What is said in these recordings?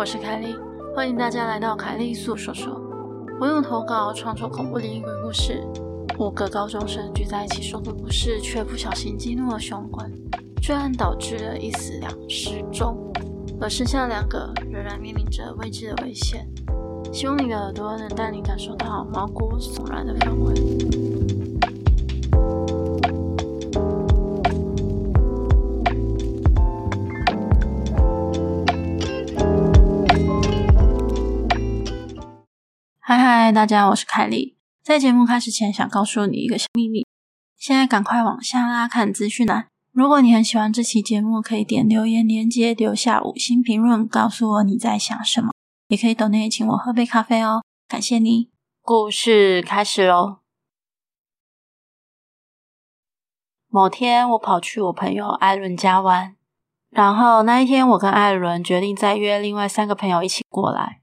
我是凱莉，歡迎大家來到凱莉粟說說，我用投稿，創作恐怖靈異鬼故事。五個高中生聚在一起說故事，卻不小心激怒了凶鬼，居然導致了一死兩失蹤，而剩下的兩個仍然面臨着未知的危險。希望你的耳朵能帶你感受到毛骨悚然的氛圍。嗨，大家，我是凱莉。在節目開始前，想告訴你一個小秘密。現在趕快往下拉看資訊欄啊！如果你很喜歡這期節目，可以點留言鏈接留下五星評論，告訴我你在想什麼。也可以到那邊請我喝杯咖啡哦，感謝你。故事開始嘍。某天，我跑去我朋友艾倫家玩，然後那一天，我跟艾倫決定再約另外三個朋友一起過來。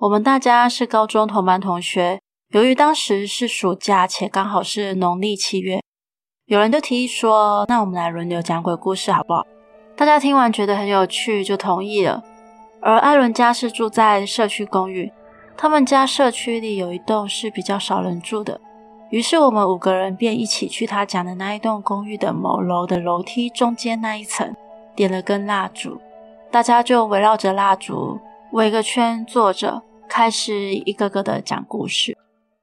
我們大家是高中同班同學，由於當時是暑假，且剛好是農曆七月，有人就提議說：“那我們來輪流講鬼故事，好不好？”大家聽完覺得很有趣，就同意了。而艾倫家是住在社區公寓，他們家社區裡有一棟是比較少人住的，於是我們五個人便一起去他講的那一棟公寓的某樓的樓梯中間那一層，點了根蠟燭，大家就圍繞着蠟燭圍個圈坐着。開始一個個的講故事。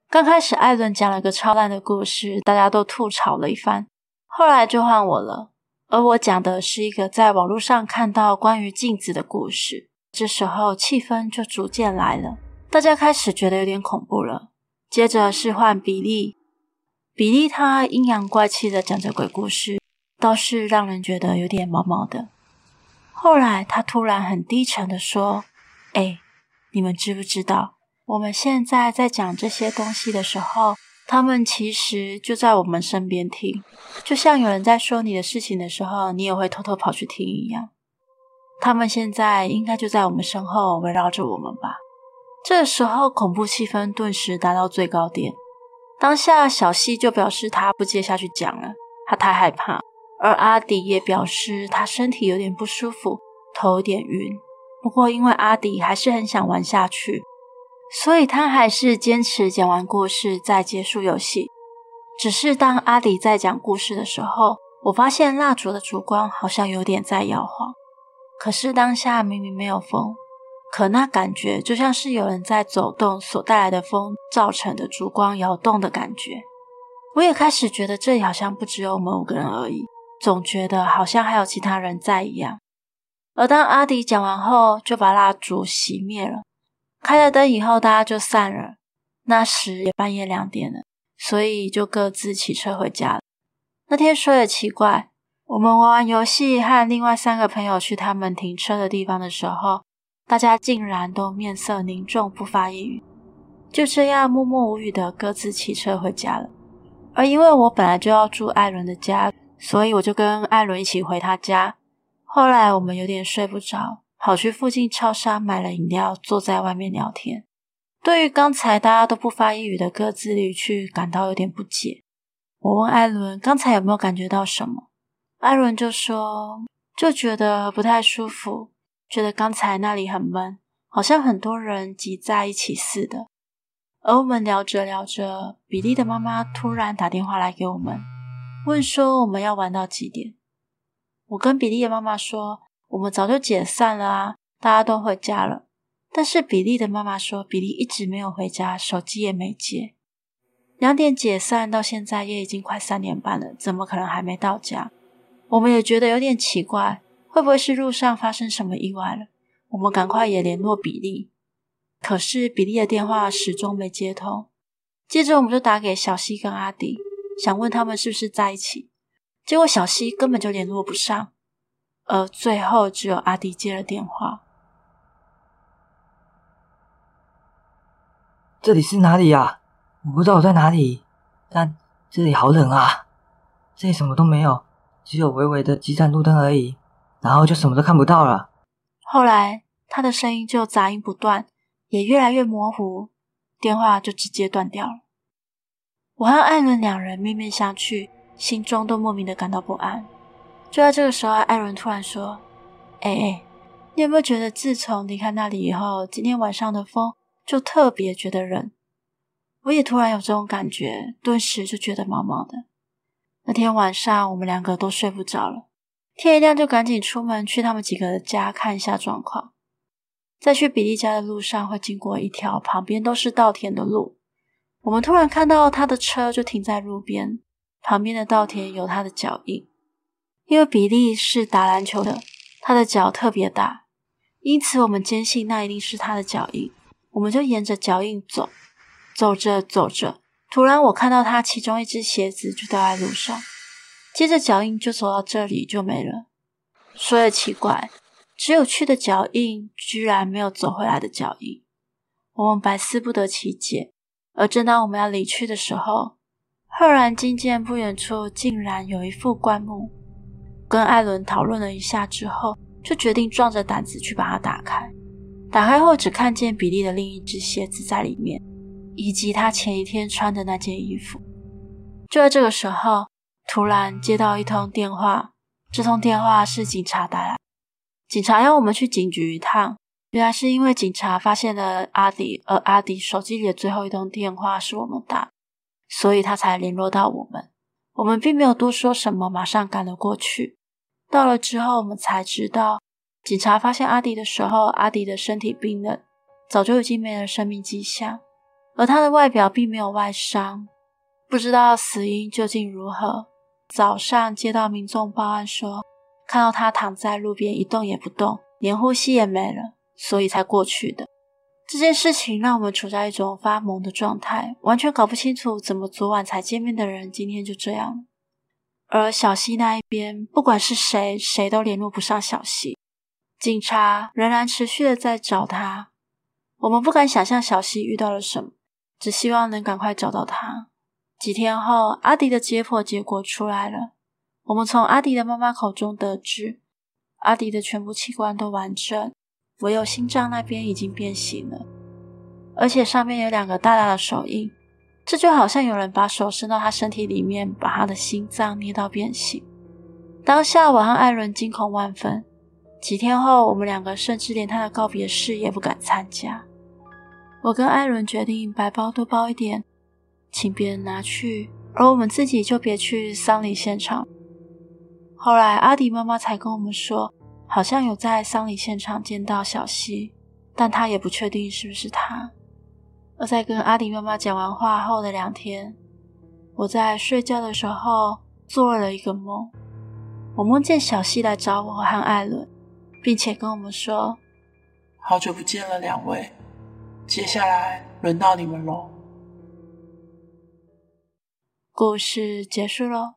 剛開始，艾倫講了一個超爛的故事，大家都吐槽了一番。後來就換我了，而我講的是一個在網絡上看到關於鏡子的故事。這時候氣氛就逐漸來了，大家開始覺得有點恐怖了。接着是換比利，比利他陰陽怪氣的講着鬼故事，倒是讓人覺得有點毛毛的。後來他突然很低沉的說：“哎。”你們知不知道，我們現在在講這些東西的時候，他們其實就在我們身邊聽，就像有人在說你的事情的時候，你也會偷偷跑去聽一樣。他們現在應該就在我們身後圍繞着我們吧？這個時候恐怖氣氛頓時達到最高點。當下小西就表示他不接下去講了，他太害怕。而阿迪也表示他身體有點不舒服，頭有點暈。不過，因為阿迪還是很想玩下去，所以他還是堅持講完故事再結束遊戲。只是當阿迪在講故事的時候，我發現蠟燭的燭光好像有點在搖晃。可是當下明明沒有風，可那感覺就像是有人在走動所帶來的風造成的燭光搖動的感覺。我也開始覺得這裡好像不只有我們五個人而已，總覺得好像還有其他人在一樣。而當阿迪講完後，就把蠟燭熄滅了。開了燈以後，大家就散了。那時也半夜兩點了，所以就各自騎車回家了。那天說也奇怪，我們玩完遊戲，和另外三個朋友去他們停車的地方的時候，大家竟然都面色凝重，不發一語。就這樣默默無語的各自騎車回家了。而因為我本來就要住艾倫的家，所以我就跟艾倫一起回他家。後來我們有點睡不着，跑去附近超商買了飲料，坐在外面聊天。對於剛才大家都不發一語的各自離去，感到有點不解。我問艾倫剛才有沒有感覺到什麼，艾倫就說，就覺得不太舒服，覺得剛才那裡很悶，好像很多人擠在一起似的。而我們聊着聊着，比利的媽媽突然打電話來給我們，問說我們要玩到幾點。我跟比利的媽媽說：“我們早就解散了啊，大家都回家了。”但是比利的媽媽說：“比利一直沒有回家，手機也沒接。”兩點解散到現在也已經快三點半了，怎麼可能還沒到家？我們也覺得有點奇怪，會不會是路上發生什麼意外了？我們趕快也聯絡比利，可是比利的電話始終沒接通。接着我們就打給小西跟阿迪，想問他們是不是在一起。結果小西根本就聯絡不上，而最後只有阿迪接了電話。這裡是哪裡呀、啊？我不知道我在哪裡，但這裡好冷啊！這裡什麼都沒有，只有微微的幾盞路燈而已，然後就什麼都看不到了。後來他的聲音就雜音不斷，也越來越模糊，電話就直接斷掉了。我和艾倫兩人面面相覷。心中都莫名的感到不安。就在這個時候，艾倫突然說：“哎、欸、哎、欸，你有沒有覺得自從離開那裡以後，今天晚上的風就特別覺得冷？我也突然有這種感覺，頓時就覺得毛毛的。那天晚上，我們兩個都睡不着了，天一亮就趕緊出門去他們幾個的家看一下狀況。在去比利家的路上，會經過一條旁邊都是稻田的路，我們突然看到他的車就停在路邊。”旁邊的稻田有他的腳印，因為比利是打籃球的，他的腳特別大，因此我們堅信那一定是他的腳印。我們就沿着腳印走，走着走着，突然我看到他其中一只鞋子就掉在路上，接着腳印就走到這裡就沒了。說也奇怪，只有去的腳印，居然沒有走回來的腳印，我們百思不得其解。而正當我們要離去的時候，赫然驚見不遠處竟然有一副棺木，跟艾倫討論了一下之後，就決定壯着膽子去把它打開。打開後，只看見比利的另一隻鞋子在裡面，以及他前一天穿的那件衣服。就在這個時候，突然接到一通電話，這通電話是警察打來，警察要我們去警局一趟。原來是因為警察發現了阿迪，而阿迪手機裡的最後一通電話是我們打的。所以他才聯絡到我們，我們並沒有多說什麼，馬上趕了過去。到了之後，我們才知道，警察發現阿迪的時候，阿迪的身體冰冷，早就已經沒了生命跡象，而他的外表並沒有外傷，不知道死因究竟如何。早上接到民眾報案說，看到他躺在路邊一動也不動，連呼吸也沒了，所以才過去的。這件事情讓我們處在一種發懞的狀態，完全搞不清楚怎麼昨晚才見面的人今天就這樣。而小溪那一邊，不管是誰，誰都聯絡不上小溪。警察仍然持續的在找他。我們不敢想象小溪遇到了什麼，只希望能趕快找到他。幾天後，阿迪的解剖結果出來了，我們從阿迪的媽媽口中得知，阿迪的全部器官都完整。唯有心臟那邊已經變形了，而且上面有兩個大大的手印，這就好像有人把手伸到他身體裡面，把他的心臟捏到變形。當下我和艾倫驚恐萬分。幾天後，我們兩個甚至連他的告別式也不敢參加。我跟艾倫決定白包多包一點，請別人拿去，而我們自己就別去喪禮現場。後來，阿迪媽媽才跟我們說。好像有在喪禮現場見到小溪，但他也不確定是不是他。而在跟阿里媽媽講完話後的兩天，我在睡覺的時候做了一個夢，我夢見小溪來找我和艾倫，並且跟我們說：“好久不見了，兩位，接下來輪到你們嘍。”故事結束嘍。